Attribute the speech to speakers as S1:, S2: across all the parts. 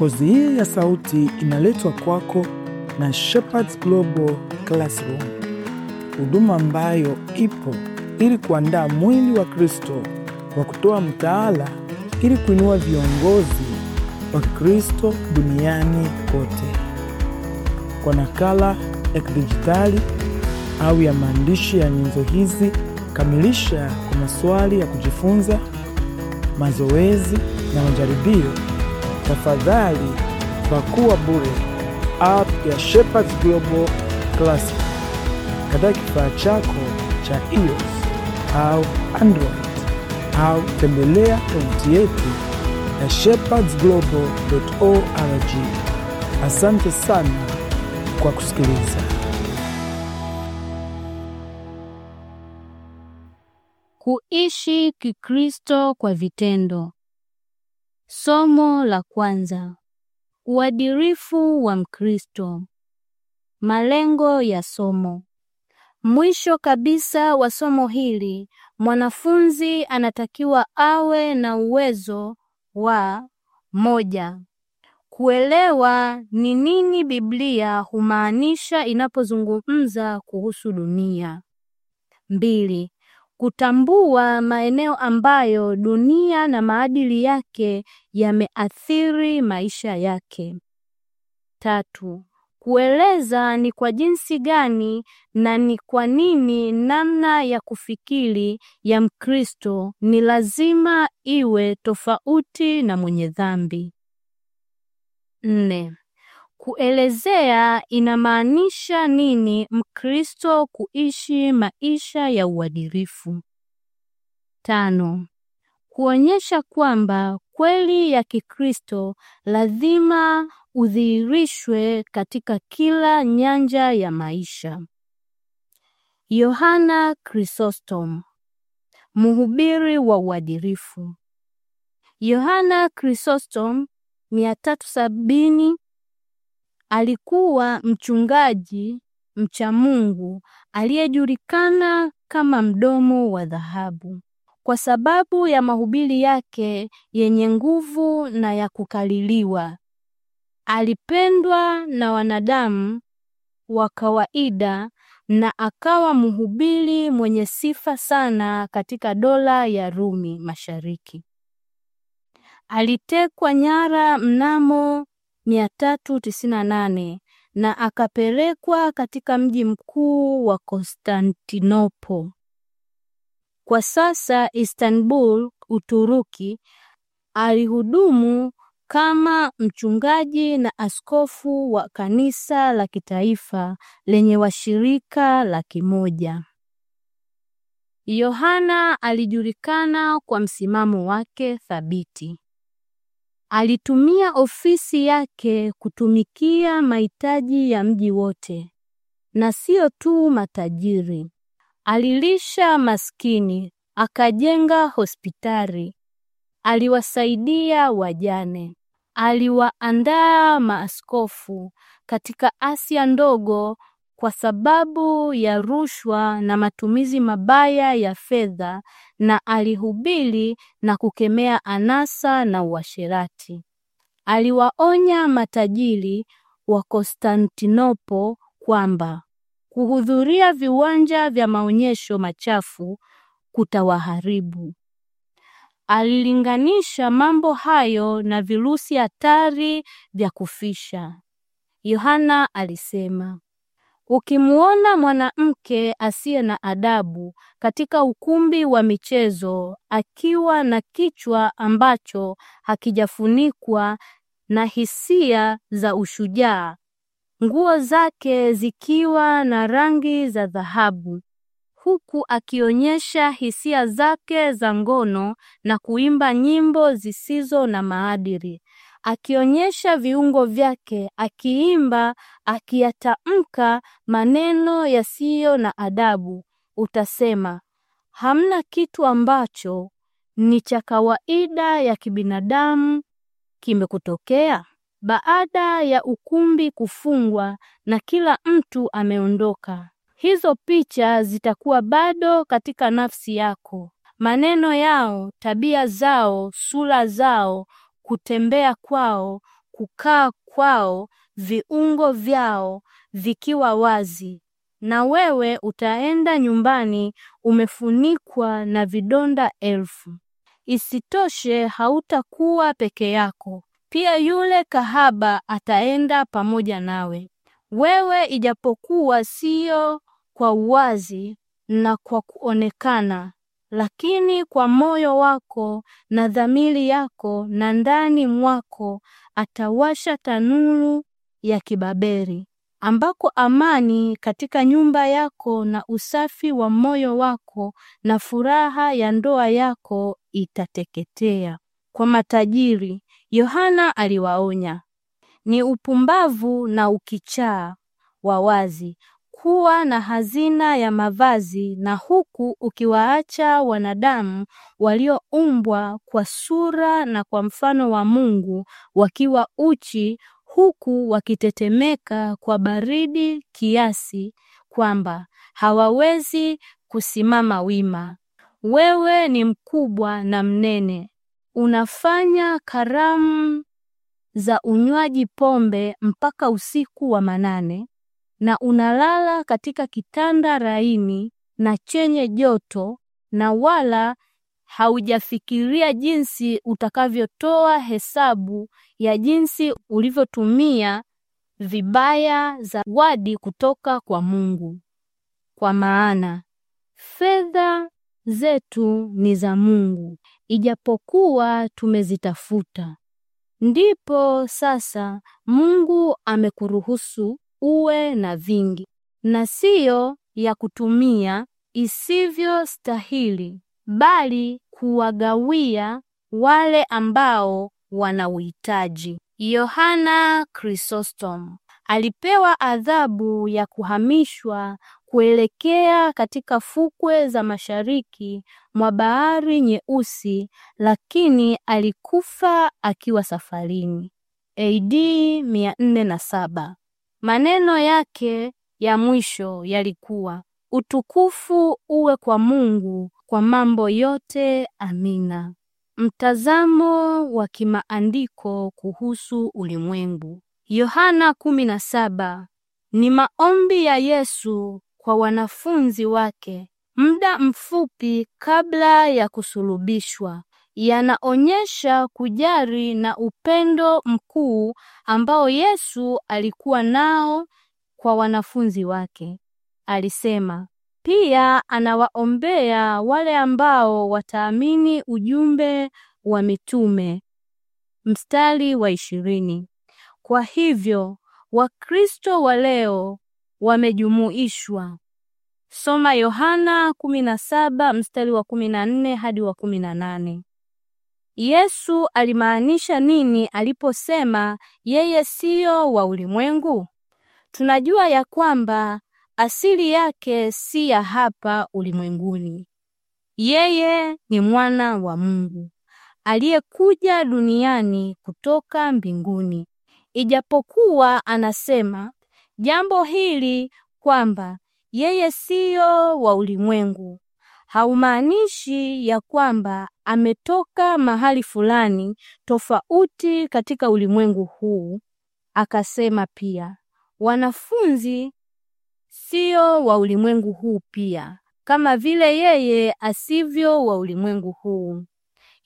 S1: Kozi hii ya sauti inaletwa kwako na Shepherds Global Classroom, huduma ambayo ipo ili kuandaa mwili wa Kristo kwa kutoa mtaala ili kuinua viongozi wa Kristo duniani kote. Kwa nakala ya kidijitali au ya maandishi ya nyenzo hizi, kamilisha kwa maswali ya kujifunza, mazoezi na majaribio tafadhali pakua bure app ya Shepherds Global Classic katika kifaa chako cha iOS au Android au tembelea tovuti yetu ya shepherdsglobal.org. Asante sana kwa kusikiliza. Kuishi Kikristo kwa vitendo. Somo la kwanza: uadilifu wa Mkristo. Malengo ya somo. Mwisho kabisa wa somo hili, mwanafunzi anatakiwa awe na uwezo wa moja, kuelewa ni nini Biblia humaanisha inapozungumza kuhusu dunia; mbili, kutambua maeneo ambayo dunia na maadili yake yameathiri maisha yake. Tatu, kueleza ni kwa jinsi gani na ni kwa nini namna ya kufikiri ya Mkristo ni lazima iwe tofauti na mwenye dhambi. Nne, kuelezea inamaanisha nini Mkristo kuishi maisha ya uadilifu. Tano, kuonyesha kwamba kweli ya Kikristo lazima udhihirishwe katika kila nyanja ya maisha. Yohana Chrysostom, mhubiri wa uadilifu. Yohana Chrysostom Alikuwa mchungaji mcha Mungu aliyejulikana kama mdomo wa dhahabu kwa sababu ya mahubiri yake yenye nguvu na ya kukaliliwa. Alipendwa na wanadamu wa kawaida na akawa mhubiri mwenye sifa sana katika dola ya Rumi Mashariki. Alitekwa nyara mnamo 398 na akapelekwa katika mji mkuu wa Konstantinopo, kwa sasa Istanbul, Uturuki. Alihudumu kama mchungaji na askofu wa kanisa la kitaifa lenye washirika laki moja. Yohana alijulikana kwa msimamo wake thabiti. Alitumia ofisi yake kutumikia mahitaji ya mji wote, na sio tu matajiri. Alilisha maskini, akajenga hospitali, aliwasaidia wajane, aliwaandaa maaskofu katika Asia ndogo kwa sababu ya rushwa na matumizi mabaya ya fedha na alihubiri na kukemea anasa na uasherati. Aliwaonya matajiri wa Konstantinopo kwamba kuhudhuria viwanja vya maonyesho machafu kutawaharibu. Alilinganisha mambo hayo na virusi hatari vya kufisha. Yohana alisema Ukimwona mwanamke asiye na adabu katika ukumbi wa michezo akiwa na kichwa ambacho hakijafunikwa na hisia za ushujaa, nguo zake zikiwa na rangi za dhahabu, huku akionyesha hisia zake za ngono na kuimba nyimbo zisizo na maadili, akionyesha viungo vyake, akiimba, akiyatamka maneno yasiyo na adabu, utasema hamna kitu ambacho ni cha kawaida ya kibinadamu kimekutokea. Baada ya ukumbi kufungwa na kila mtu ameondoka, hizo picha zitakuwa bado katika nafsi yako. Maneno yao, tabia zao, sura zao kutembea kwao, kukaa kwao, viungo vyao vikiwa wazi, na wewe utaenda nyumbani umefunikwa na vidonda elfu. Isitoshe, hautakuwa peke yako, pia yule kahaba ataenda pamoja nawe. Wewe ijapokuwa sio kwa uwazi na kwa kuonekana, lakini kwa moyo wako na dhamiri yako na ndani mwako atawasha tanuru ya kibaberi ambako amani katika nyumba yako na usafi wa moyo wako na furaha ya ndoa yako itateketea. Kwa matajiri Yohana aliwaonya, ni upumbavu na ukichaa wa wazi kuwa na hazina ya mavazi na huku ukiwaacha wanadamu walioumbwa kwa sura na kwa mfano wa Mungu wakiwa uchi huku wakitetemeka kwa baridi kiasi kwamba hawawezi kusimama wima. Wewe ni mkubwa na mnene, unafanya karamu za unywaji pombe mpaka usiku wa manane na unalala katika kitanda laini na chenye joto na wala haujafikiria jinsi utakavyotoa hesabu ya jinsi ulivyotumia vibaya zawadi kutoka kwa Mungu. Kwa maana fedha zetu ni za Mungu, ijapokuwa tumezitafuta. Ndipo sasa Mungu amekuruhusu uwe na vingi, na siyo ya kutumia isivyostahili, bali kuwagawia wale ambao wana uhitaji. Yohana Chrysostom alipewa adhabu ya kuhamishwa kuelekea katika fukwe za mashariki mwa Bahari Nyeusi, lakini alikufa akiwa safarini AD 407. Maneno yake ya mwisho yalikuwa utukufu uwe kwa Mungu kwa mambo yote, amina. Mtazamo wa kimaandiko kuhusu ulimwengu. Yohana 17 ni maombi ya Yesu kwa wanafunzi wake muda mfupi kabla ya kusulubishwa yanaonyesha kujari na upendo mkuu ambao Yesu alikuwa nao kwa wanafunzi wake. Alisema pia anawaombea wale ambao wataamini ujumbe wa mitume. Mstari wa ishirini. Kwa hivyo Wakristo wa leo wamejumuishwa. Soma Yohana 17 mstari wa 14 hadi wa 18. Yesu alimaanisha nini aliposema yeye siyo wa ulimwengu? Tunajua ya kwamba asili yake si ya hapa ulimwenguni. Yeye ni mwana wa Mungu aliyekuja duniani kutoka mbinguni. Ijapokuwa anasema jambo hili kwamba yeye siyo wa ulimwengu, haumaanishi ya kwamba ametoka mahali fulani tofauti katika ulimwengu huu. Akasema pia wanafunzi sio wa ulimwengu huu pia, kama vile yeye asivyo wa ulimwengu huu.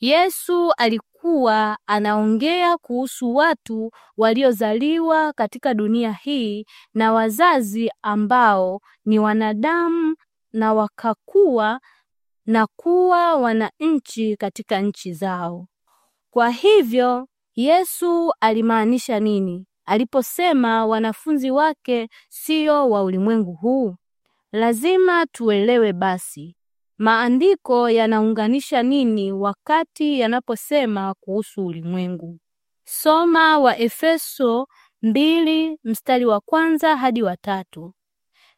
S1: Yesu alikuwa anaongea kuhusu watu waliozaliwa katika dunia hii na wazazi ambao ni wanadamu na wakakuwa na kuwa wananchi katika nchi zao. Kwa hivyo Yesu alimaanisha nini aliposema wanafunzi wake sio wa ulimwengu huu? Lazima tuelewe basi maandiko yanaunganisha nini wakati yanaposema kuhusu ulimwengu. Soma Efeso mbili mstari wa kwanza hadi wa tatu.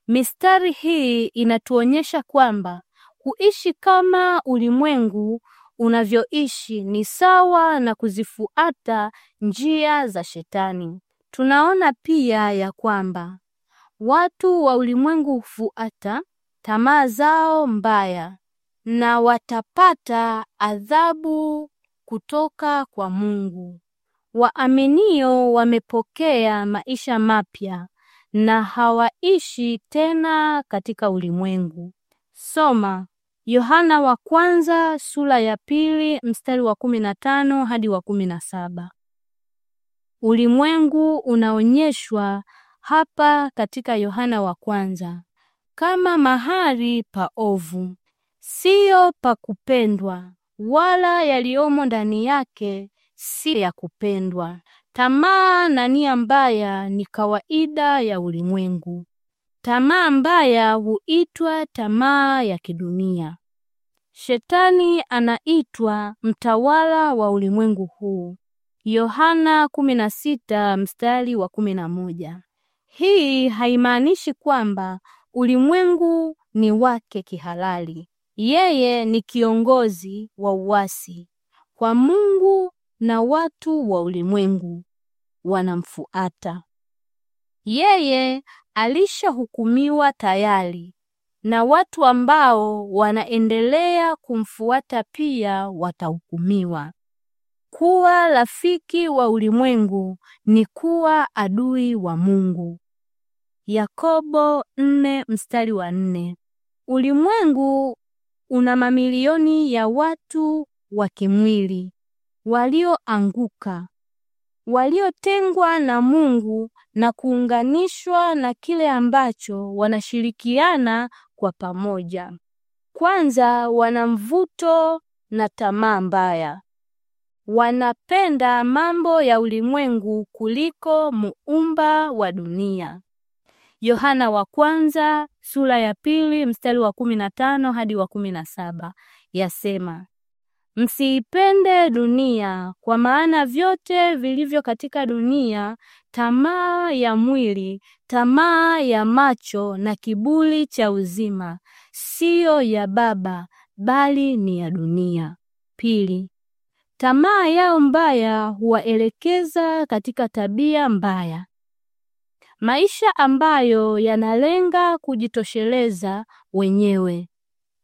S1: Mistari hii inatuonyesha kwamba kuishi kama ulimwengu unavyoishi ni sawa na kuzifuata njia za Shetani. Tunaona pia ya kwamba watu wa ulimwengu hufuata tamaa zao mbaya na watapata adhabu kutoka kwa Mungu. Waaminio wamepokea maisha mapya na hawaishi tena katika ulimwengu. Soma Yohana wa kwanza sura ya pili mstari wa kumi na tano hadi wa kumi na saba. Ulimwengu unaonyeshwa hapa katika Yohana wa kwanza kama mahali pa ovu, siyo pa kupendwa, wala yaliyomo ndani yake si ya kupendwa. Tamaa na nia mbaya ni kawaida ya ulimwengu. Tamaa mbaya huitwa tamaa ya kidunia. Shetani anaitwa mtawala wa ulimwengu huu. Yohana 16 mstari wa 11. Hii haimaanishi kwamba ulimwengu ni wake kihalali. Yeye ni kiongozi wa uasi kwa Mungu na watu wa ulimwengu wanamfuata. Yeye alishahukumiwa tayari na watu ambao wanaendelea kumfuata pia watahukumiwa. Kuwa rafiki wa ulimwengu ni kuwa adui wa Mungu. Yakobo nne mstari wa nne. Ulimwengu una mamilioni ya watu wa kimwili walioanguka waliotengwa na Mungu na kuunganishwa na kile ambacho wanashirikiana kwa pamoja. Kwanza, wana mvuto na tamaa mbaya. Wanapenda mambo ya ulimwengu kuliko muumba wa dunia. Yohana wa kwanza sura ya pili mstari wa kumi na tano hadi wa kumi na saba yasema Msiipende dunia, kwa maana vyote vilivyo katika dunia, tamaa ya mwili, tamaa ya macho na kiburi cha uzima, siyo ya Baba, bali ni ya dunia. Pili, tamaa yao mbaya huwaelekeza katika tabia mbaya, maisha ambayo yanalenga kujitosheleza wenyewe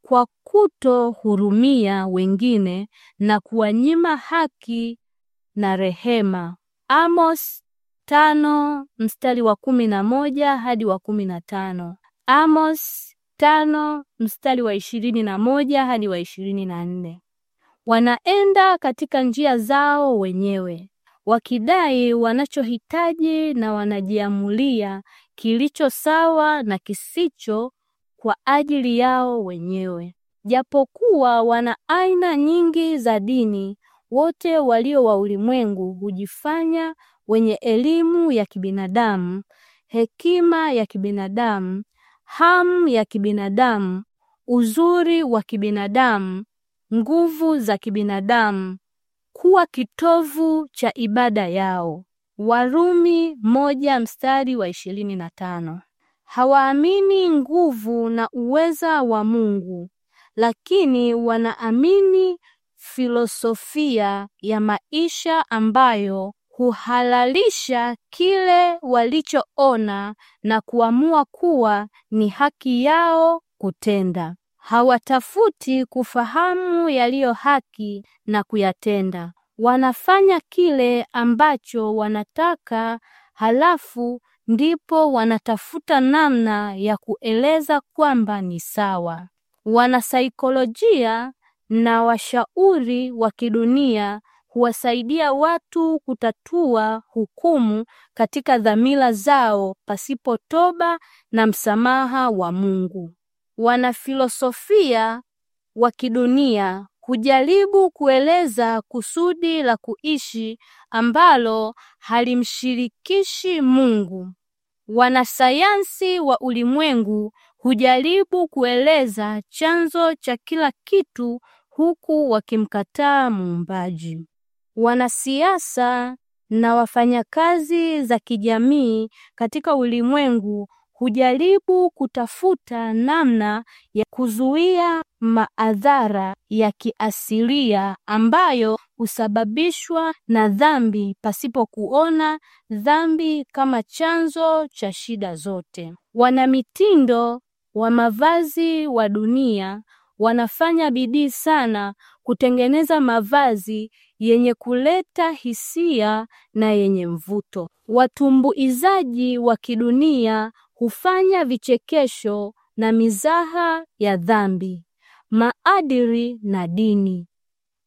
S1: kwa kutohurumia wengine na kuwanyima haki na rehema. Amos tano mstari wa kumi na moja hadi wa kumi na tano. Amos tano mstari wa ishirini na moja hadi wa ishirini na nne. Wanaenda katika njia zao wenyewe wakidai wanachohitaji na wanajiamulia kilicho sawa na kisicho kwa ajili yao wenyewe. Japokuwa wana aina nyingi za dini, wote walio wa ulimwengu hujifanya wenye elimu ya kibinadamu, hekima ya kibinadamu, hamu ya kibinadamu, uzuri wa kibinadamu, nguvu za kibinadamu kuwa kitovu cha ibada yao. Warumi moja mstari wa ishirini na tano. Hawaamini nguvu na uweza wa Mungu lakini wanaamini filosofia ya maisha ambayo huhalalisha kile walichoona na kuamua kuwa ni haki yao kutenda. Hawatafuti kufahamu yaliyo haki na kuyatenda. Wanafanya kile ambacho wanataka, halafu ndipo wanatafuta namna ya kueleza kwamba ni sawa. Wanasaikolojia na washauri wa kidunia huwasaidia watu kutatua hukumu katika dhamira zao pasipo toba na msamaha wa Mungu. Wanafilosofia wa kidunia hujaribu kueleza kusudi la kuishi ambalo halimshirikishi Mungu. Wanasayansi wa ulimwengu hujaribu kueleza chanzo cha kila kitu huku wakimkataa muumbaji. Wanasiasa na wafanyakazi za kijamii katika ulimwengu hujaribu kutafuta namna ya kuzuia maadhara ya kiasilia ambayo husababishwa na dhambi pasipo kuona dhambi kama chanzo cha shida zote. Wanamitindo wa mavazi wa dunia wanafanya bidii sana kutengeneza mavazi yenye kuleta hisia na yenye mvuto. Watumbuizaji wa kidunia hufanya vichekesho na mizaha ya dhambi, maadili na dini.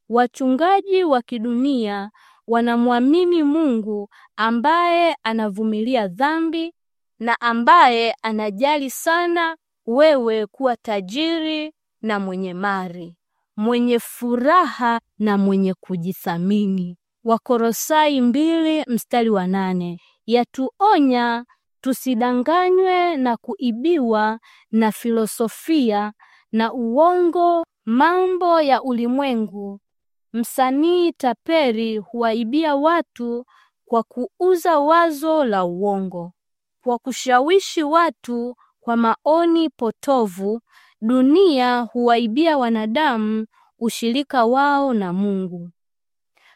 S1: Wachungaji wa kidunia wanamwamini Mungu ambaye anavumilia dhambi na ambaye anajali sana wewe kuwa tajiri na mwenye mali, mwenye furaha na mwenye kujithamini. Wakorosai mbili mstari wa nane yatuonya tusidanganywe na kuibiwa na filosofia na uongo, mambo ya ulimwengu. Msanii taperi huwaibia watu kwa kuuza wazo la uongo, kwa kushawishi watu kwa maoni potovu, dunia huwaibia wanadamu ushirika wao na Mungu,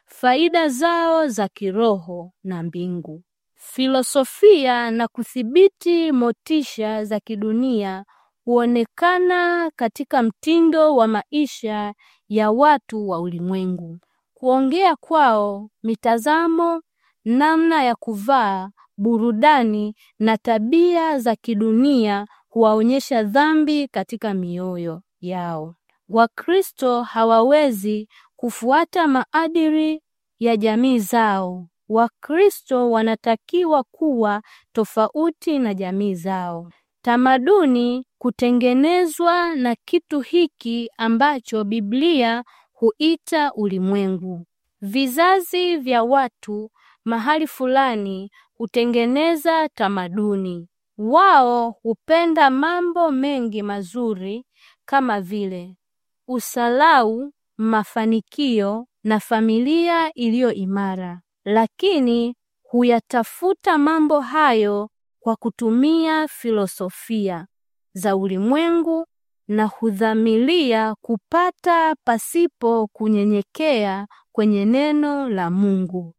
S1: faida zao za kiroho na mbingu, filosofia na kuthibiti motisha za kidunia huonekana katika mtindo wa maisha ya watu wa ulimwengu, kuongea kwao, mitazamo, namna ya kuvaa burudani na tabia za kidunia huwaonyesha dhambi katika mioyo yao. Wakristo hawawezi kufuata maadili ya jamii zao. Wakristo wanatakiwa kuwa tofauti na jamii zao. Tamaduni kutengenezwa na kitu hiki ambacho Biblia huita ulimwengu. Vizazi vya watu mahali fulani hutengeneza tamaduni. Wao hupenda mambo mengi mazuri kama vile usalau, mafanikio na familia iliyo imara, lakini huyatafuta mambo hayo kwa kutumia filosofia za ulimwengu na hudhamilia kupata pasipo kunyenyekea kwenye neno la Mungu.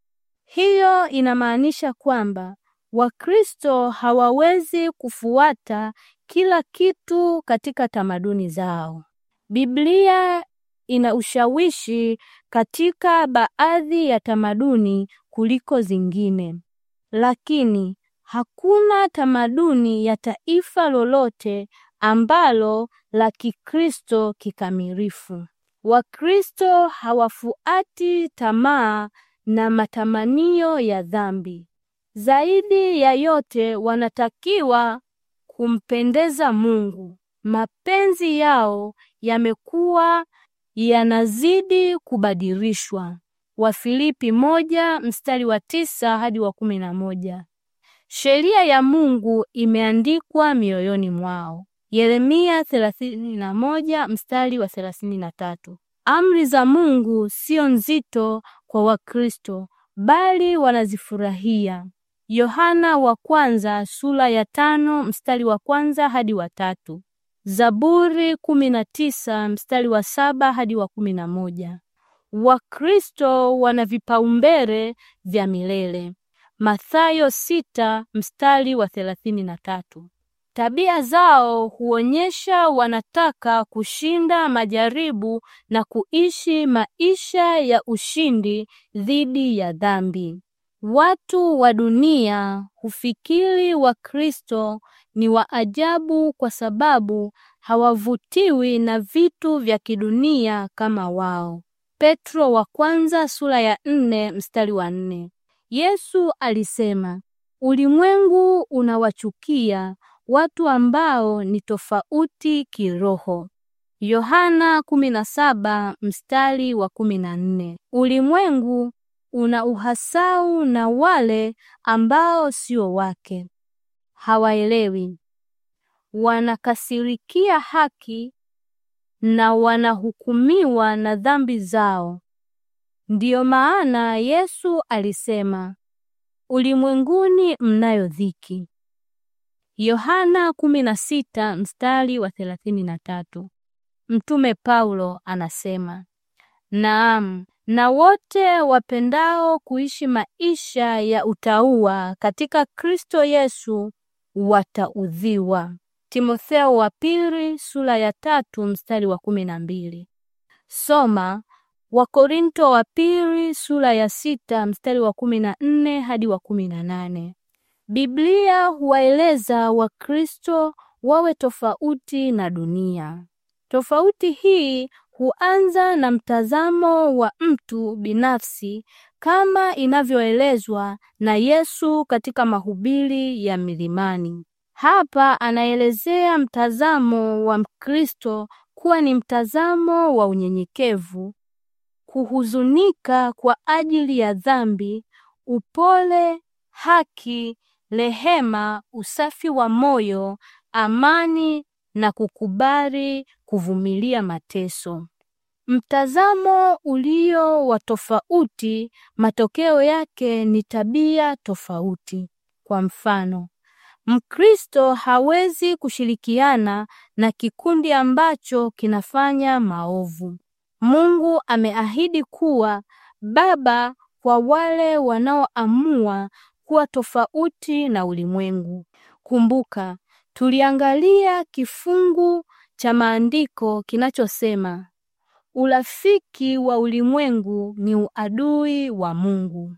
S1: Hiyo inamaanisha kwamba Wakristo hawawezi kufuata kila kitu katika tamaduni zao. Biblia ina ushawishi katika baadhi ya tamaduni kuliko zingine, lakini hakuna tamaduni ya taifa lolote ambalo la Kikristo kikamilifu. Wakristo hawafuati tamaa na matamanio ya dhambi. Zaidi ya yote, wanatakiwa kumpendeza Mungu. Mapenzi yao yamekuwa yanazidi kubadilishwa. Wafilipi moja mstari wa tisa hadi wa kumi na moja. Sheria ya Mungu imeandikwa mioyoni mwao. Yeremia thelathini na moja mstari wa thelathini na tatu. Amri za Mungu sio nzito kwa Wakristo bali wanazifurahia. Yohana wa kwanza sura ya tano mstari wa kwanza hadi wa tatu. Zaburi kumi na tisa mstari wa saba hadi wa kumi na moja. Wakristo wana vipaumbele vya milele. Mathayo sita mstari wa thelathini na tatu. Tabia zao huonyesha wanataka kushinda majaribu na kuishi maisha ya ushindi dhidi ya dhambi. Watu wa dunia hufikiri Wakristo ni wa ajabu kwa sababu hawavutiwi na vitu vya kidunia kama wao. Petro wa kwanza sura ya nne mstari wa nne. Yesu alisema, ulimwengu unawachukia watu ambao ni tofauti kiroho. Yohana 17 mstari wa 14. Ulimwengu una uhasau na wale ambao sio wake. Hawaelewi, wanakasirikia haki na wanahukumiwa na dhambi zao. Ndiyo maana Yesu alisema, ulimwenguni mnayo dhiki, Yohana 16 mstari wa 33. Mtume Paulo anasema, naam, na wote wapendao kuishi maisha ya utauwa katika Kristo Yesu wataudhiwa. Timotheo wa pili sura ya tatu mstari wa kumi na mbili. Soma Wakorinto wa pili sura ya sita mstari wa kumi na nne hadi wa kumi na nane. Biblia huwaeleza Wakristo wawe tofauti na dunia. Tofauti hii huanza na mtazamo wa mtu binafsi kama inavyoelezwa na Yesu katika mahubiri ya milimani. Hapa anaelezea mtazamo wa Mkristo kuwa ni mtazamo wa unyenyekevu, kuhuzunika kwa ajili ya dhambi, upole, haki rehema, usafi wa moyo, amani na kukubali kuvumilia mateso. Mtazamo ulio wa tofauti, matokeo yake ni tabia tofauti. Kwa mfano, Mkristo hawezi kushirikiana na kikundi ambacho kinafanya maovu. Mungu ameahidi kuwa baba kwa wale wanaoamua kuwa tofauti na ulimwengu. Kumbuka, tuliangalia kifungu cha maandiko kinachosema urafiki wa ulimwengu ni uadui wa Mungu,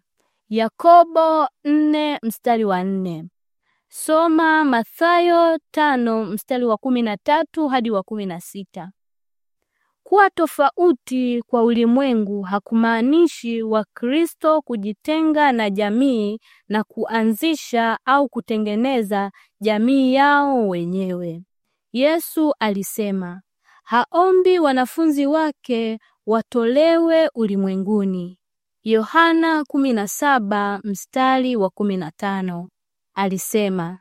S1: Yakobo nne mstari wa nne. Soma Mathayo tano mstari wa kumi na tatu hadi wa kumi na sita. Kuwa tofauti kwa ulimwengu hakumaanishi Wakristo kujitenga na jamii na kuanzisha au kutengeneza jamii yao wenyewe. Yesu alisema, haombi wanafunzi wake watolewe ulimwenguni. Yohana 17 mstari wa 15. Alisema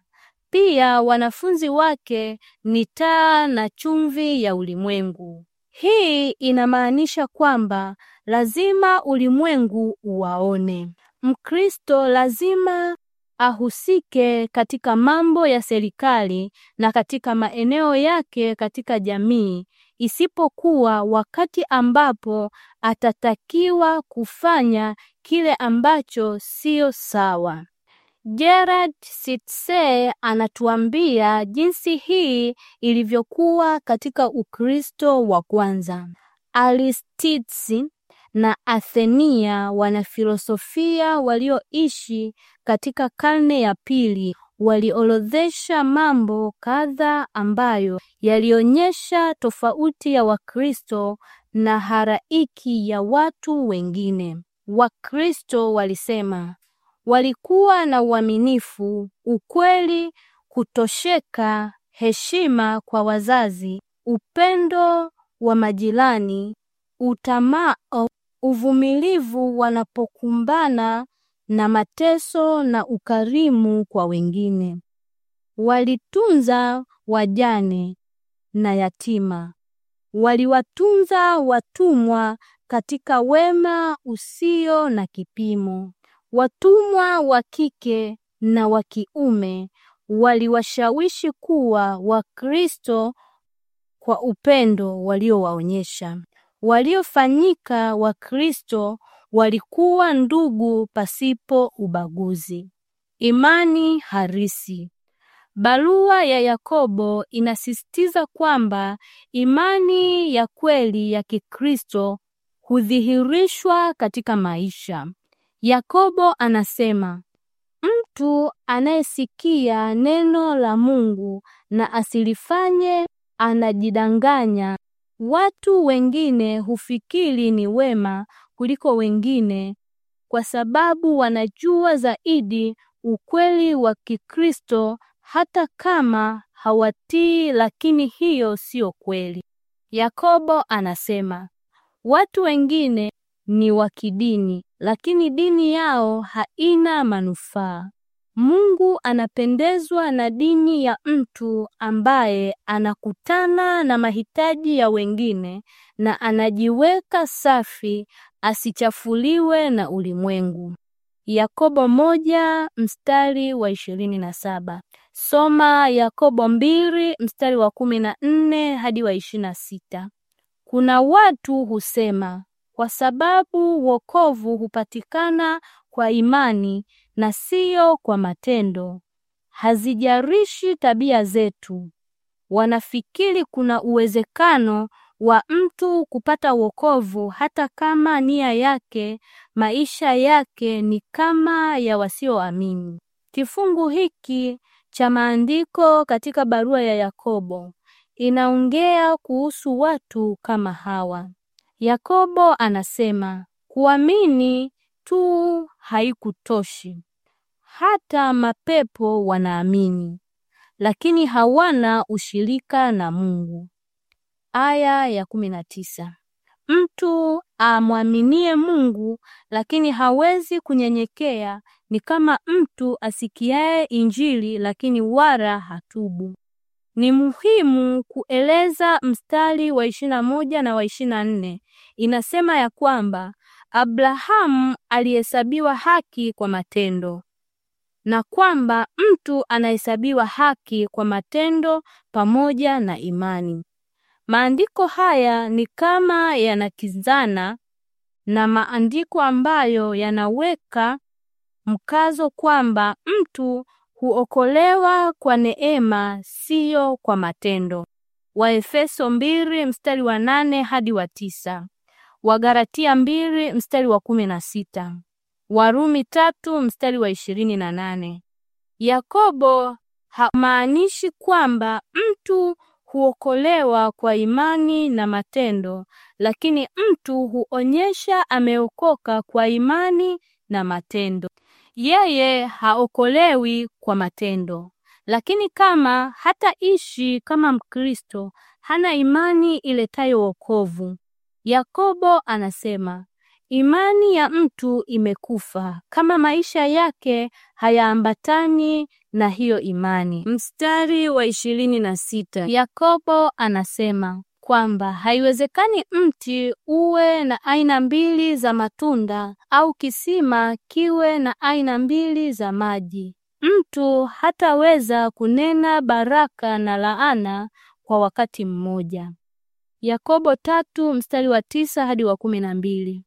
S1: pia wanafunzi wake ni taa na chumvi ya ulimwengu. Hii inamaanisha kwamba lazima ulimwengu uwaone. Mkristo lazima ahusike katika mambo ya serikali na katika maeneo yake katika jamii, isipokuwa wakati ambapo atatakiwa kufanya kile ambacho sio sawa. Gerard Sitse anatuambia jinsi hii ilivyokuwa katika Ukristo wa kwanza. aristitsi na Athenia, wanafilosofia walioishi katika karne ya pili, waliorodhesha mambo kadha ambayo yalionyesha tofauti ya Wakristo na haraiki ya watu wengine. Wakristo walisema walikuwa na uaminifu, ukweli, kutosheka, heshima kwa wazazi, upendo wa majirani, utamaa, uvumilivu wanapokumbana na mateso na ukarimu kwa wengine. Walitunza wajane na yatima. Waliwatunza watumwa katika wema usio na kipimo. Watumwa wa kike na wa kiume waliwashawishi kuwa Wakristo kwa upendo waliowaonyesha. Waliofanyika Wakristo walikuwa ndugu pasipo ubaguzi. Imani harisi. Barua ya Yakobo inasisitiza kwamba imani ya kweli ya Kikristo hudhihirishwa katika maisha. Yakobo anasema mtu anayesikia neno la Mungu na asilifanye anajidanganya. Watu wengine hufikiri ni wema kuliko wengine kwa sababu wanajua zaidi ukweli wa Kikristo hata kama hawatii, lakini hiyo siyo kweli. Yakobo anasema watu wengine ni wa kidini, lakini dini yao haina manufaa. Mungu anapendezwa na dini ya mtu ambaye anakutana na mahitaji ya wengine na anajiweka safi asichafuliwe na ulimwengu. Yakobo moja mstari wa ishirini na saba. Soma Yakobo mbili mstari wa kumi na nne hadi wa ishirini na sita. Kuna watu husema kwa sababu wokovu hupatikana kwa imani na siyo kwa matendo. Hazijarishi tabia zetu. Wanafikiri kuna uwezekano wa mtu kupata wokovu hata kama nia yake, maisha yake ni kama ya wasioamini. Kifungu hiki cha maandiko katika barua ya Yakobo inaongea kuhusu watu kama hawa. Yakobo anasema kuamini tu haikutoshi, hata mapepo wanaamini lakini hawana ushirika na Mungu. Aya ya kumi na tisa. Mtu amwaminie Mungu lakini hawezi kunyenyekea ni kama mtu asikiaye Injili lakini wara hatubu. Ni muhimu kueleza mstari wa ishirini na moja na wa ishirini na nne inasema ya kwamba Abrahamu alihesabiwa haki kwa matendo na kwamba mtu anahesabiwa haki kwa matendo pamoja na imani. Maandiko haya ni kama yanakizana na maandiko ambayo yanaweka mkazo kwamba mtu huokolewa kwa neema, siyo kwa matendo. Waefeso mbili mstari wa nane hadi wa tisa. Wagalatia mbili mstari wa kumi na sita Warumi tatu mstari wa ishirini na nane Yakobo hamaanishi kwamba mtu huokolewa kwa imani na matendo, lakini mtu huonyesha ameokoka kwa imani na matendo. Yeye haokolewi kwa matendo, lakini kama hataishi kama Mkristo hana imani iletayo wokovu. Yakobo anasema imani ya mtu imekufa kama maisha yake hayaambatani na hiyo imani. Mstari wa ishirini na sita Yakobo anasema kwamba haiwezekani mti uwe na aina mbili za matunda au kisima kiwe na aina mbili za maji. Mtu hataweza kunena baraka na laana kwa wakati mmoja. Yakobo tatu mstari wa tisa hadi wa kumi na mbili.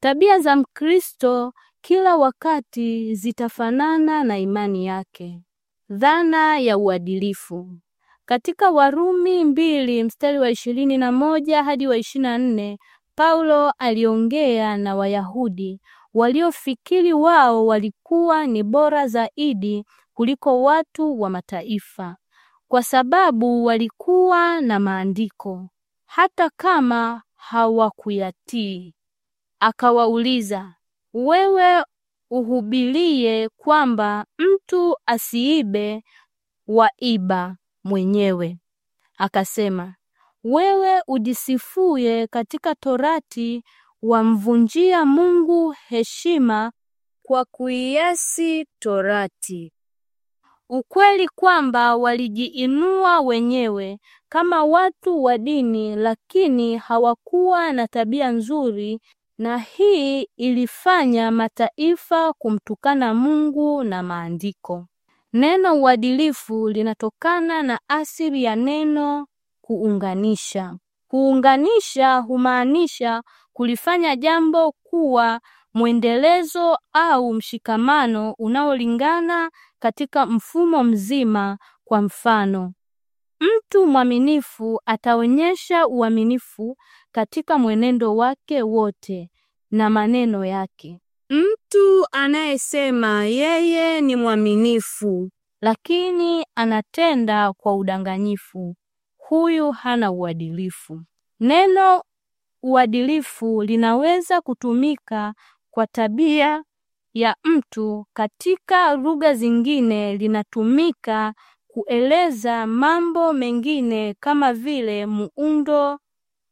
S1: Tabia za Mkristo kila wakati zitafanana na imani yake. Dhana ya uadilifu katika Warumi mbili mstari wa ishirini na moja hadi wa ishirini na nne Paulo aliongea na Wayahudi waliofikiri wao walikuwa ni bora zaidi kuliko watu wa mataifa kwa sababu walikuwa na maandiko hata kama hawakuyatii. Akawauliza, wewe uhubirie kwamba mtu asiibe, waiba mwenyewe. Akasema, wewe ujisifuye katika Torati, wamvunjia Mungu heshima kwa kuiasi Torati ukweli kwamba walijiinua wenyewe kama watu wa dini, lakini hawakuwa na tabia nzuri, na hii ilifanya mataifa kumtukana Mungu na maandiko. Neno uadilifu linatokana na asili ya neno kuunganisha. Kuunganisha humaanisha kulifanya jambo kuwa mwendelezo au mshikamano unaolingana katika mfumo mzima. Kwa mfano, mtu mwaminifu ataonyesha uaminifu katika mwenendo wake wote na maneno yake. Mtu anayesema yeye ni mwaminifu lakini anatenda kwa udanganyifu, huyu hana uadilifu. Neno uadilifu linaweza kutumika kwa tabia ya mtu katika lugha zingine linatumika kueleza mambo mengine kama vile muundo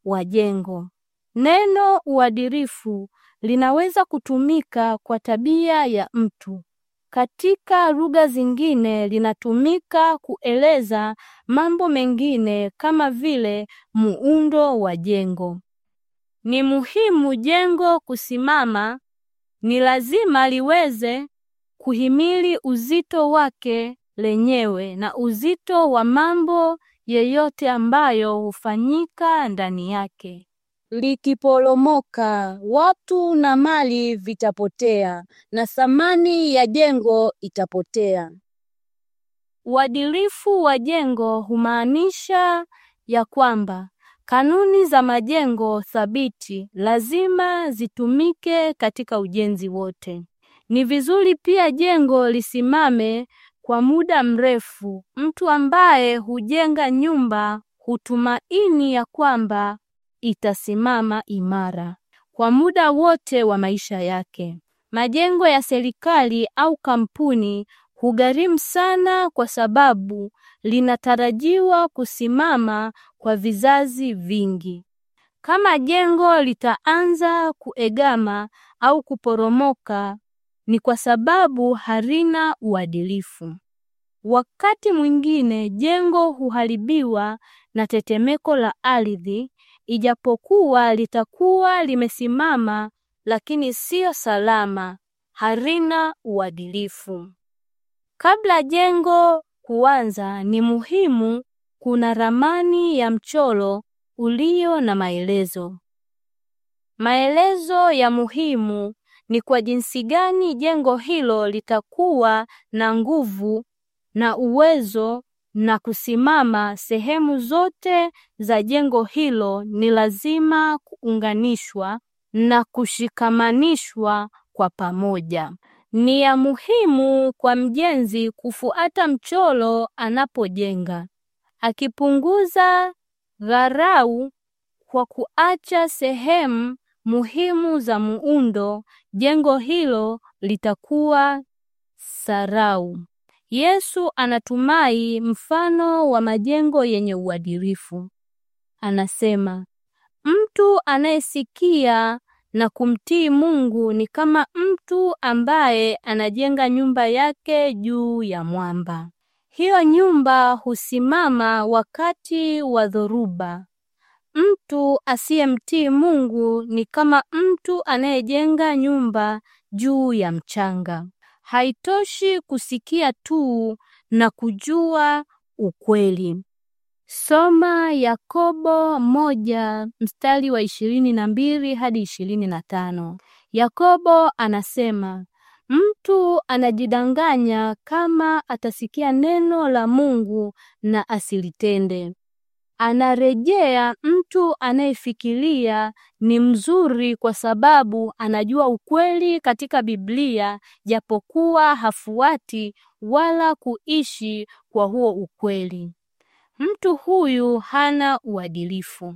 S1: wa jengo. Neno uadilifu linaweza kutumika kwa tabia ya mtu katika lugha zingine linatumika kueleza mambo mengine kama vile muundo wa jengo. Ni muhimu jengo kusimama ni lazima liweze kuhimili uzito wake lenyewe na uzito wa mambo yeyote ambayo hufanyika ndani yake. Likiporomoka, watu na mali vitapotea na thamani ya jengo itapotea. Uadilifu wa jengo humaanisha ya kwamba Kanuni za majengo thabiti lazima zitumike katika ujenzi wote. Ni vizuri pia jengo lisimame kwa muda mrefu. Mtu ambaye hujenga nyumba hutumaini ya kwamba itasimama imara kwa muda wote wa maisha yake. Majengo ya serikali au kampuni hugharimu sana kwa sababu linatarajiwa kusimama kwa vizazi vingi. Kama jengo litaanza kuegama au kuporomoka, ni kwa sababu halina uadilifu. Wakati mwingine jengo huharibiwa na tetemeko la ardhi, ijapokuwa litakuwa limesimama, lakini siyo salama, halina uadilifu. Kabla jengo kuanza ni muhimu kuna ramani ya mchoro ulio na maelezo. Maelezo ya muhimu ni kwa jinsi gani jengo hilo litakuwa na nguvu na uwezo na kusimama. Sehemu zote za jengo hilo ni lazima kuunganishwa na kushikamanishwa kwa pamoja. Ni ya muhimu kwa mjenzi kufuata mchoro anapojenga, akipunguza gharau kwa kuacha sehemu muhimu za muundo, jengo hilo litakuwa sarau. Yesu anatumai mfano wa majengo yenye uadilifu. Anasema, mtu anayesikia na kumtii Mungu ni kama mtu ambaye anajenga nyumba yake juu ya mwamba. Hiyo nyumba husimama wakati wa dhoruba. Mtu asiyemtii Mungu ni kama mtu anayejenga nyumba juu ya mchanga. Haitoshi kusikia tu na kujua ukweli. Soma Yakobo moja mstari wa ishirini na mbili hadi ishirini na tano. Yakobo anasema mtu anajidanganya kama atasikia neno la Mungu na asilitende. Anarejea mtu anayefikiria ni mzuri kwa sababu anajua ukweli katika Biblia japokuwa hafuati wala kuishi kwa huo ukweli. Mtu huyu hana uadilifu.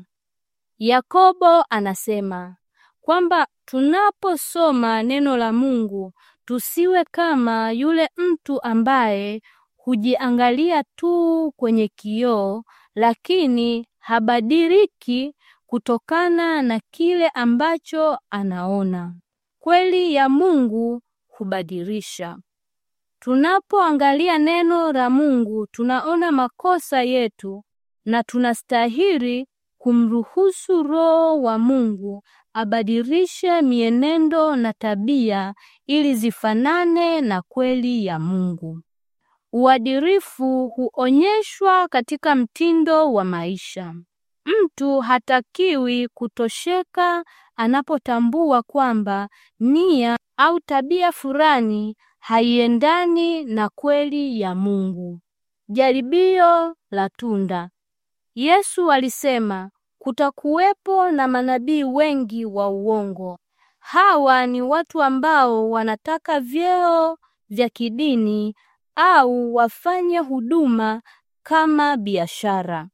S1: Yakobo anasema kwamba tunaposoma neno la Mungu tusiwe kama yule mtu ambaye hujiangalia tu kwenye kioo, lakini habadiliki kutokana na kile ambacho anaona. Kweli ya Mungu hubadilisha. Tunapoangalia neno la Mungu tunaona makosa yetu na tunastahili kumruhusu Roho wa Mungu abadilishe mienendo na tabia ili zifanane na kweli ya Mungu. Uadilifu huonyeshwa katika mtindo wa maisha. Mtu hatakiwi kutosheka anapotambua kwamba nia au tabia fulani haiendani na kweli ya Mungu. Jaribio la tunda. Yesu alisema kutakuwepo na manabii wengi wa uongo. Hawa ni watu ambao wanataka vyeo vya kidini au wafanye huduma kama biashara,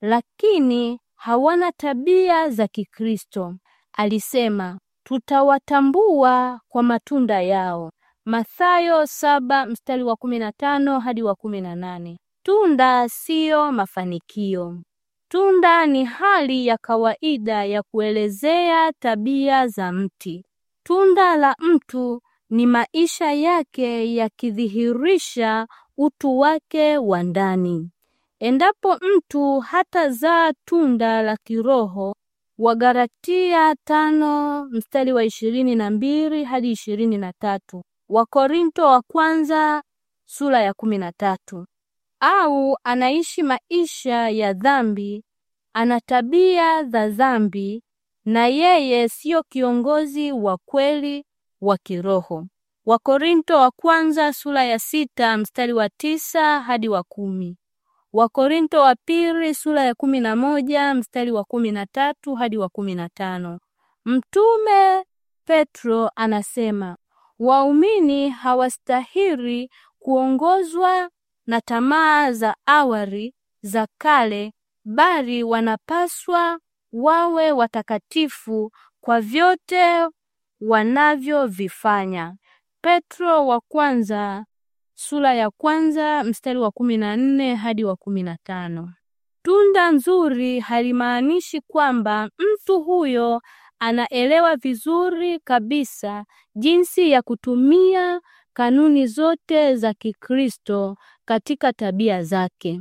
S1: lakini hawana tabia za Kikristo. Alisema tutawatambua kwa matunda yao. Mathayo saba mstari wa kumi na tano hadi wa kumi na nane. Tunda siyo mafanikio. Tunda ni hali ya kawaida ya kuelezea tabia za mti. Tunda la mtu ni maisha yake yakidhihirisha utu wake wa ndani. Endapo mtu hatazaa tunda la kiroho, Wagalatia tano mstari wa ishirini na mbili hadi ishirini na tatu. Wakorinto wa kwanza sura ya kumi na tatu. Au anaishi maisha ya dhambi, ana tabia za dhambi, na yeye siyo kiongozi wa kweli wa kiroho. Wakorinto wa kwanza sura ya sita mstari wa tisa hadi wa kumi. Wakorinto wa pili sura ya kumi na moja mstari wa kumi na tatu hadi wa kumi na tano. Mtume Petro anasema Waumini hawastahiri kuongozwa na tamaa za awali za kale, bali wanapaswa wawe watakatifu kwa vyote wanavyovifanya. Petro wa kwanza sura ya kwanza mstari wa kumi na nne hadi wa kumi na tano. Tunda nzuri halimaanishi kwamba mtu huyo anaelewa vizuri kabisa jinsi ya kutumia kanuni zote za Kikristo katika tabia zake.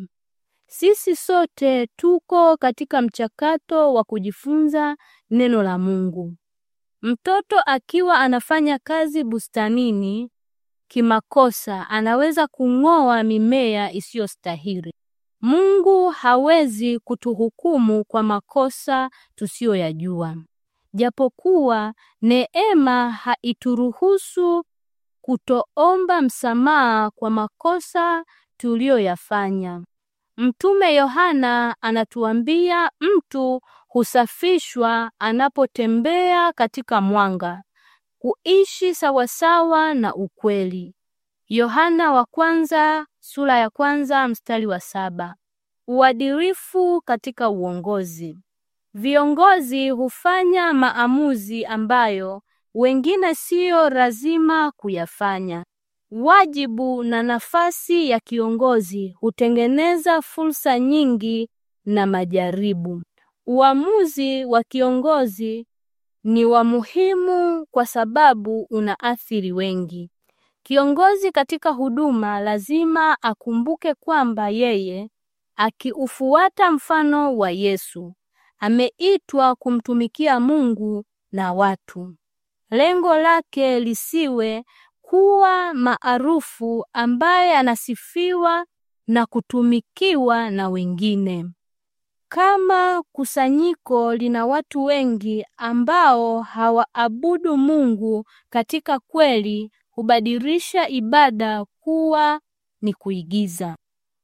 S1: Sisi sote tuko katika mchakato wa kujifunza neno la Mungu. Mtoto akiwa anafanya kazi bustanini kimakosa, anaweza kung'oa mimea isiyostahili. Mungu hawezi kutuhukumu kwa makosa tusiyoyajua japokuwa neema haituruhusu kutoomba msamaha kwa makosa tuliyoyafanya. Mtume Yohana anatuambia mtu husafishwa anapotembea katika mwanga, kuishi sawasawa na ukweli. Yohana wa kwanza sura ya kwanza mstari wa saba. Uadilifu katika uongozi. Viongozi hufanya maamuzi ambayo wengine siyo lazima kuyafanya. Wajibu na nafasi ya kiongozi hutengeneza fursa nyingi na majaribu. Uamuzi wa kiongozi ni wa muhimu kwa sababu unaathiri wengi. Kiongozi katika huduma lazima akumbuke kwamba yeye akiufuata mfano wa Yesu ameitwa kumtumikia Mungu na watu. Lengo lake lisiwe kuwa maarufu ambaye anasifiwa na kutumikiwa na wengine. Kama kusanyiko lina watu wengi ambao hawaabudu Mungu katika kweli, hubadilisha ibada kuwa ni kuigiza.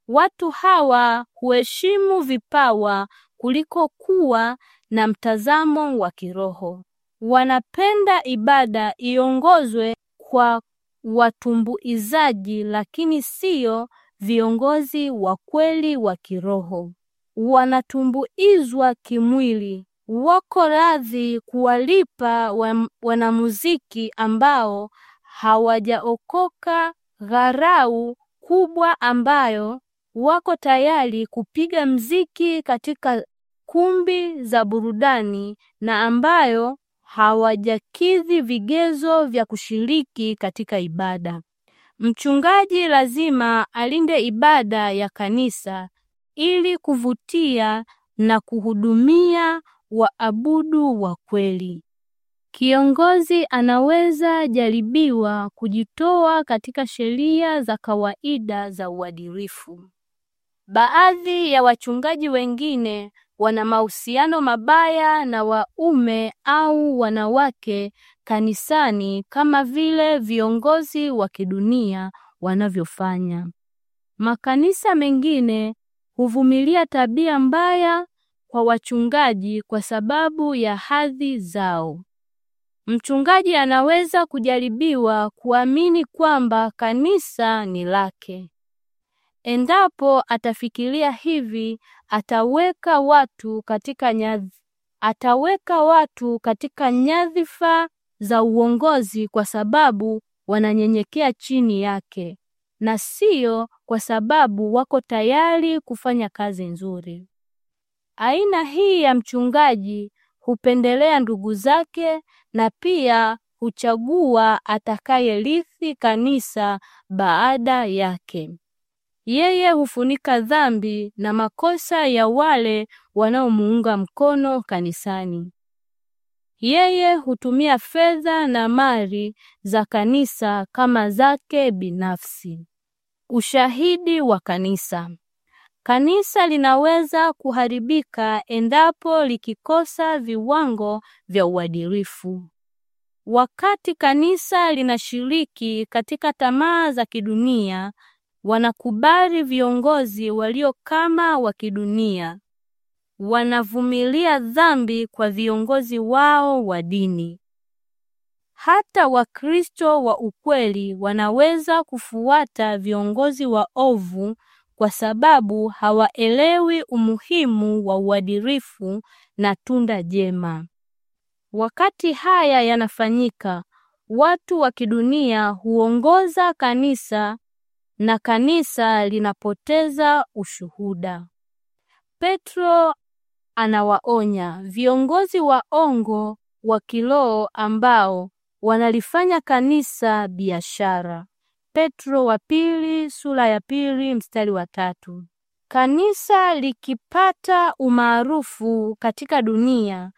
S1: Watu hawa huheshimu vipawa kuliko kuwa na mtazamo wa kiroho. Wanapenda ibada iongozwe kwa watumbuizaji, lakini siyo viongozi wa kweli wa kiroho. Wanatumbuizwa kimwili, wako radhi kuwalipa wanamuziki ambao hawajaokoka gharau kubwa ambayo wako tayari kupiga mziki katika kumbi za burudani na ambayo hawajakidhi vigezo vya kushiriki katika ibada. Mchungaji lazima alinde ibada ya kanisa ili kuvutia na kuhudumia waabudu wa kweli. Kiongozi anaweza jaribiwa kujitoa katika sheria za kawaida za uadilifu. Baadhi ya wachungaji wengine wana mahusiano mabaya na waume au wanawake kanisani kama vile viongozi wa kidunia wanavyofanya. Makanisa mengine huvumilia tabia mbaya kwa wachungaji kwa sababu ya hadhi zao. Mchungaji anaweza kujaribiwa kuamini kwamba kanisa ni lake. Endapo atafikiria hivi, ataweka watu katika nyadhi ataweka watu katika nyadhifa za uongozi kwa sababu wananyenyekea chini yake na sio kwa sababu wako tayari kufanya kazi nzuri. Aina hii ya mchungaji hupendelea ndugu zake na pia huchagua atakayerithi kanisa baada yake. Yeye hufunika dhambi na makosa ya wale wanaomuunga mkono kanisani. Yeye hutumia fedha na mali za kanisa kama zake binafsi. Ushahidi wa kanisa. Kanisa linaweza kuharibika endapo likikosa viwango vya uadilifu. Wakati kanisa linashiriki katika tamaa za kidunia wanakubali viongozi walio kama wa kidunia, wanavumilia dhambi kwa viongozi wao wa dini. Hata Wakristo wa ukweli wanaweza kufuata viongozi wa ovu kwa sababu hawaelewi umuhimu wa uadilifu na tunda jema. Wakati haya yanafanyika, watu wa kidunia huongoza kanisa na kanisa linapoteza ushuhuda. Petro anawaonya viongozi waongo wa kiroho ambao wanalifanya kanisa biashara. Petro wa pili sura ya pili mstari wa tatu. Kanisa likipata umaarufu katika dunia,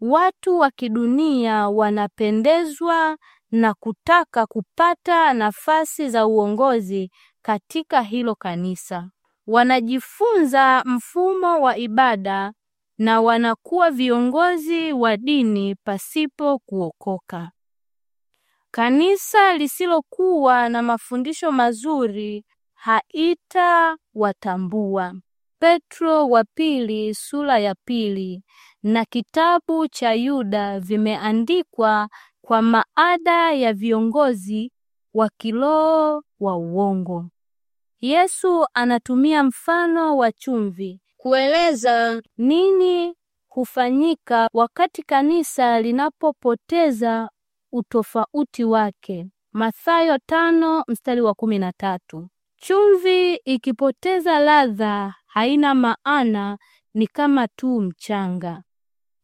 S1: watu wa kidunia wanapendezwa na kutaka kupata nafasi za uongozi katika hilo kanisa. Wanajifunza mfumo wa ibada na wanakuwa viongozi wa dini pasipo kuokoka. Kanisa lisilokuwa na mafundisho mazuri watambua. Petro wa pili sura ya pili na kitabu cha Yuda vimeandikwa kwa maada ya viongozi wa kiroho wa uongo. Yesu anatumia mfano wa chumvi kueleza nini hufanyika wakati kanisa linapopoteza utofauti wake. Mathayo tano mstari wa kumi na tatu. Chumvi ikipoteza ladha haina maana, ni kama tu mchanga.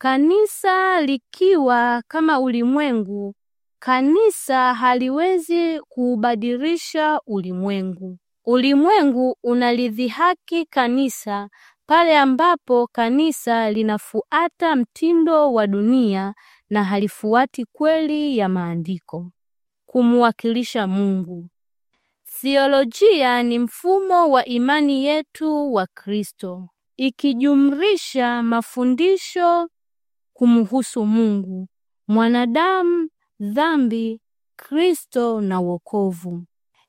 S1: Kanisa likiwa kama ulimwengu, kanisa haliwezi kuubadilisha ulimwengu. Ulimwengu unalidhihaki kanisa pale ambapo kanisa linafuata mtindo wa dunia na halifuati kweli ya maandiko kumwakilisha Mungu. Theolojia ni mfumo wa imani yetu wa Kristo ikijumlisha mafundisho kumuhusu Mungu, mwanadamu, dhambi, Kristo na wokovu.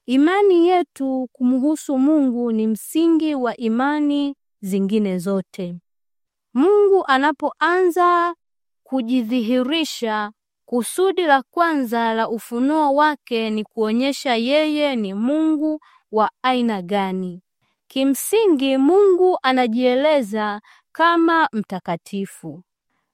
S1: Imani yetu kumuhusu Mungu ni msingi wa imani zingine zote. Mungu anapoanza kujidhihirisha, kusudi la kwanza la ufunuo wake ni kuonyesha yeye ni Mungu wa aina gani. Kimsingi Mungu anajieleza kama mtakatifu.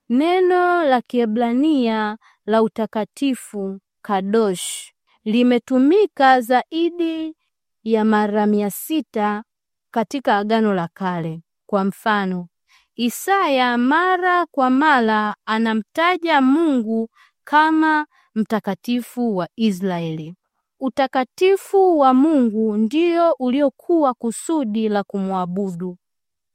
S1: Neno la Kiebrania la utakatifu kadosh limetumika zaidi ya mara mia sita katika Agano la Kale. Kwa mfano, Isaya mara kwa mara anamtaja Mungu kama mtakatifu wa Israeli. Utakatifu wa Mungu ndio uliokuwa kusudi la kumwabudu.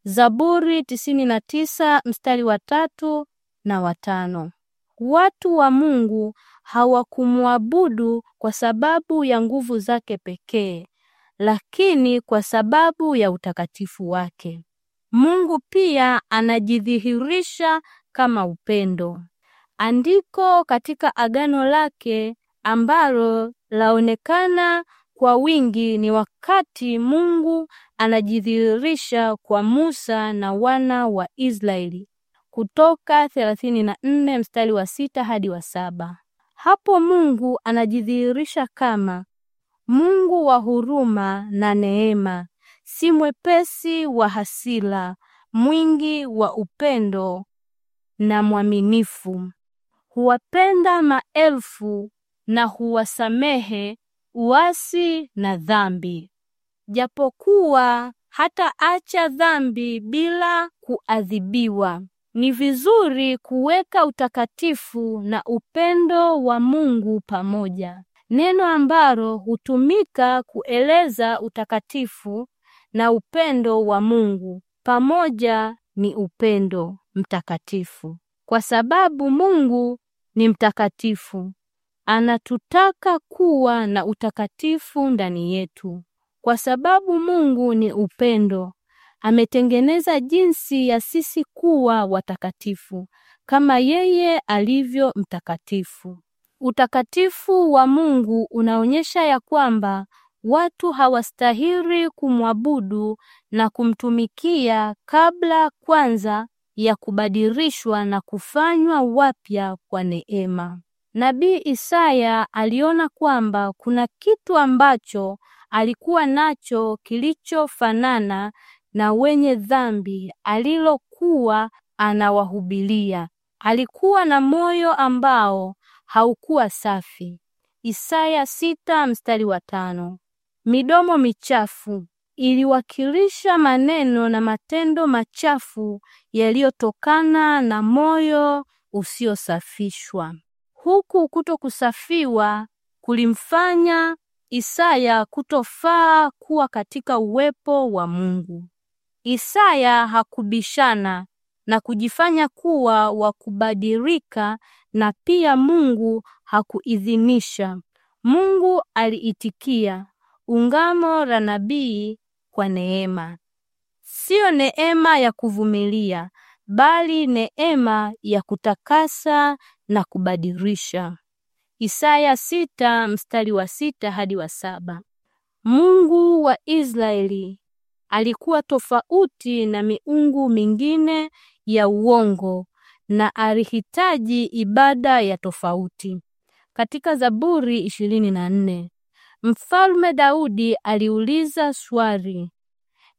S1: Zaburi 99 mstari wa tatu na watano. Watu wa Mungu hawakumwabudu kwa sababu ya nguvu zake pekee, lakini kwa sababu ya utakatifu wake. Mungu pia anajidhihirisha kama upendo. Andiko katika agano lake ambalo laonekana kwa wingi ni wakati Mungu anajidhihirisha kwa Musa na wana wa Israeli kutoka 34 mstari wa sita hadi wa saba. Hapo Mungu anajidhihirisha kama Mungu wa huruma na neema, si mwepesi wa hasira, mwingi wa upendo na mwaminifu. Huwapenda maelfu na huwasamehe uasi na dhambi, japokuwa hata acha dhambi bila kuadhibiwa. Ni vizuri kuweka utakatifu na upendo wa Mungu pamoja, neno ambalo hutumika kueleza utakatifu na upendo wa Mungu pamoja ni upendo mtakatifu, kwa sababu Mungu ni mtakatifu. Anatutaka kuwa na utakatifu ndani yetu, kwa sababu Mungu ni upendo ametengeneza jinsi ya sisi kuwa watakatifu kama yeye alivyo mtakatifu. Utakatifu wa Mungu unaonyesha ya kwamba watu hawastahili kumwabudu na kumtumikia kabla kwanza ya kubadilishwa na kufanywa wapya kwa neema. Nabii Isaya aliona kwamba kuna kitu ambacho alikuwa nacho kilichofanana na wenye dhambi alilokuwa anawahubilia. Alikuwa na moyo ambao haukuwa safi. Isaya sita mstari wa tano. Midomo michafu iliwakilisha maneno na matendo machafu yaliyotokana na moyo usiosafishwa. Huku kutokusafiwa kulimfanya Isaya kutofaa kuwa katika uwepo wa Mungu. Isaya hakubishana na kujifanya kuwa wa kubadilika, na pia Mungu hakuidhinisha. Mungu aliitikia ungamo la nabii kwa neema. Siyo neema ya kuvumilia, bali neema ya kutakasa na kubadilisha. Isaya sita mstari wa sita hadi wa saba. Mungu wa Israeli alikuwa tofauti na miungu mingine ya uongo na alihitaji ibada ya tofauti. Katika Zaburi ishirini na nne Mfalme Daudi aliuliza swali,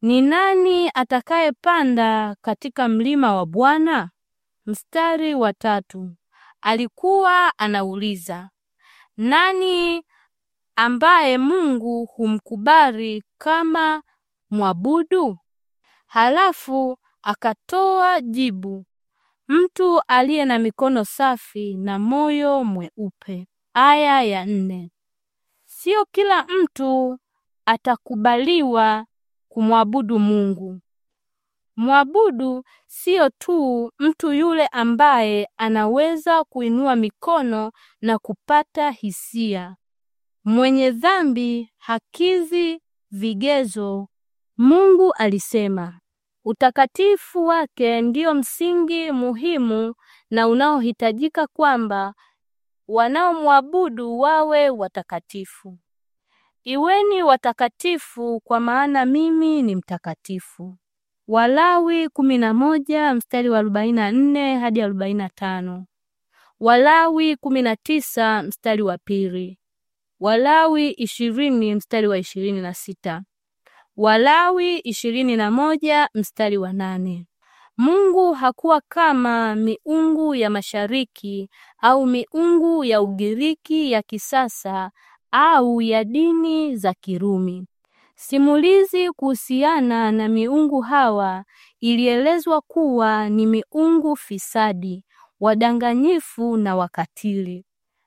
S1: ni nani atakayepanda katika mlima wa Bwana? Mstari wa tatu alikuwa anauliza nani ambaye Mungu humkubali kama mwabudu? Halafu akatoa jibu, mtu aliye na mikono safi na moyo mweupe. Aya ya nne. Sio kila mtu atakubaliwa kumwabudu Mungu. Mwabudu sio tu mtu yule ambaye anaweza kuinua mikono na kupata hisia. Mwenye dhambi hakizi vigezo Mungu alisema utakatifu wake ndio msingi muhimu na unaohitajika kwamba wanaomwabudu wawe watakatifu. Iweni watakatifu kwa maana mimi ni mtakatifu. Walawi kumi na moja mstari wa arobaini na nne hadi arobaini na tano Walawi kumi na tisa mstari wa pili Walawi ishirini mstari wa ishirini na sita Walawi ishirini na moja mstari wa nane. Mungu hakuwa kama miungu ya mashariki au miungu ya Ugiriki ya kisasa au ya dini za Kirumi. Simulizi kuhusiana na miungu hawa ilielezwa kuwa ni miungu fisadi, wadanganyifu na wakatili.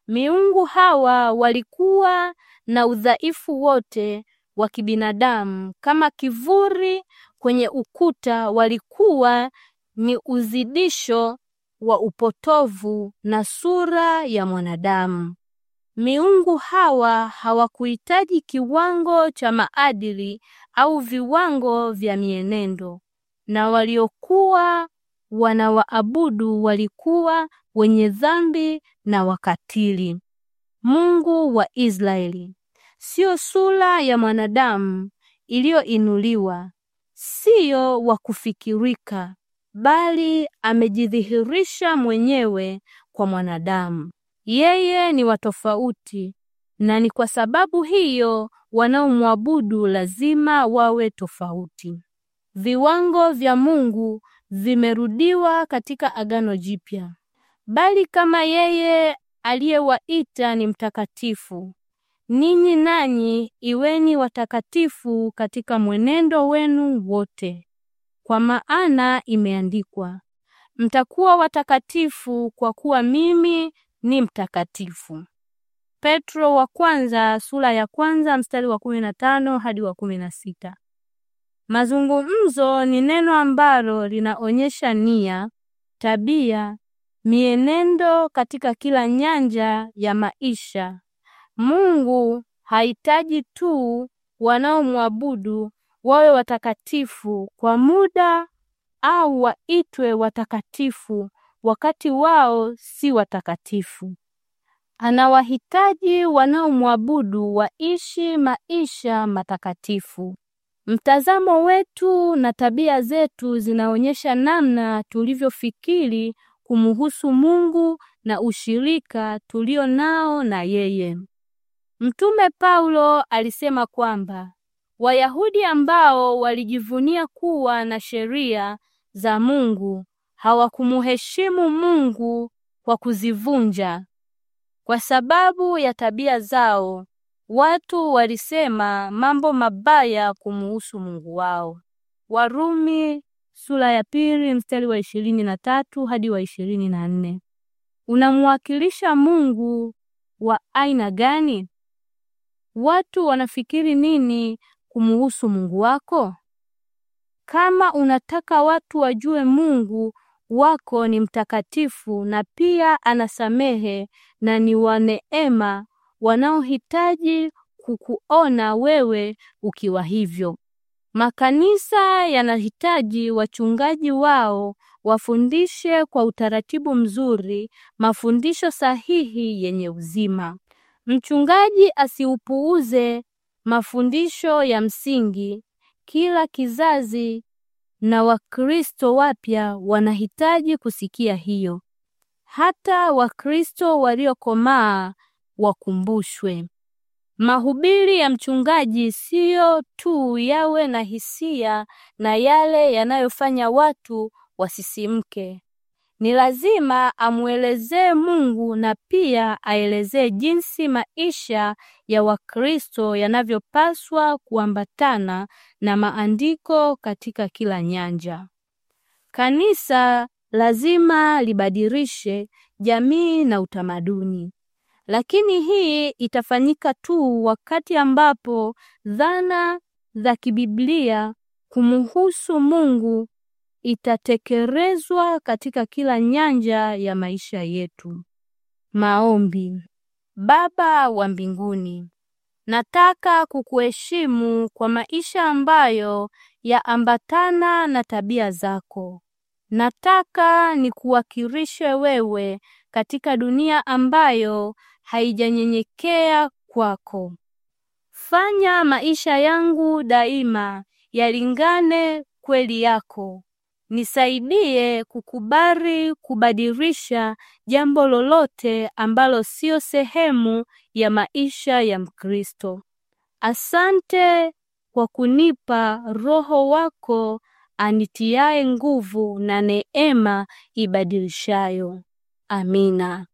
S1: Miungu hawa walikuwa na udhaifu wote wa kibinadamu. Kama kivuri kwenye ukuta, walikuwa ni uzidisho wa upotovu na sura ya mwanadamu. Miungu hawa hawakuhitaji kiwango cha maadili au viwango vya mienendo, na waliokuwa wanawaabudu walikuwa wenye dhambi na wakatili. Mungu wa Israeli siyo sura ya mwanadamu iliyoinuliwa, siyo wa kufikirika, bali amejidhihirisha mwenyewe kwa mwanadamu. Yeye ni wa tofauti, na ni kwa sababu hiyo wanaomwabudu lazima wawe tofauti. Viwango vya Mungu vimerudiwa katika Agano Jipya, bali kama yeye aliyewaita ni mtakatifu, ninyi nanyi iweni watakatifu katika mwenendo wenu wote, kwa maana imeandikwa, mtakuwa watakatifu kwa kuwa mimi ni mtakatifu. Petro wa kwanza sura ya kwanza mstari wa kumi na tano hadi wa kumi na sita. Mazungumzo ni neno ambalo linaonyesha nia, tabia, mienendo katika kila nyanja ya maisha Mungu hahitaji tu wanaomwabudu wawe watakatifu kwa muda au waitwe watakatifu wakati wao si watakatifu. Anawahitaji wanaomwabudu waishi maisha matakatifu. Mtazamo wetu na tabia zetu zinaonyesha namna tulivyofikiri kumuhusu Mungu na ushirika tulio nao na yeye. Mtume Paulo alisema kwamba Wayahudi ambao walijivunia kuwa na sheria za Mungu hawakumuheshimu Mungu kwa kuzivunja. Kwa sababu ya tabia zao, watu walisema mambo mabaya kumuhusu Mungu wao. Warumi sura ya pili mstari wa ishirini na tatu hadi wa ishirini na nne. Unamwakilisha Mungu wa aina gani? watu wanafikiri nini kumuhusu Mungu wako? Kama unataka watu wajue Mungu wako ni mtakatifu na pia anasamehe na ni wa neema, wanaohitaji kukuona wewe ukiwa hivyo. Makanisa yanahitaji wachungaji wao wafundishe kwa utaratibu mzuri, mafundisho sahihi yenye uzima. Mchungaji asiupuuze mafundisho ya msingi. Kila kizazi na Wakristo wapya wanahitaji kusikia hiyo. Hata Wakristo waliokomaa wakumbushwe. Mahubiri ya mchungaji siyo tu yawe na hisia na yale yanayofanya watu wasisimke, ni lazima amwelezee Mungu na pia aelezee jinsi maisha ya Wakristo yanavyopaswa kuambatana na maandiko katika kila nyanja. Kanisa lazima libadilishe jamii na utamaduni. Lakini hii itafanyika tu wakati ambapo dhana za kibiblia kumuhusu Mungu itatekelezwa katika kila nyanja ya maisha yetu. Maombi. Baba wa mbinguni, nataka kukuheshimu kwa maisha ambayo yaambatana na tabia zako. Nataka nikuwakilishe wewe katika dunia ambayo haijanyenyekea kwako. Fanya maisha yangu daima yalingane kweli yako nisaidie kukubali kubadilisha jambo lolote ambalo sio sehemu ya maisha ya Mkristo. Asante kwa kunipa Roho wako anitiaye nguvu na neema ibadilishayo. Amina.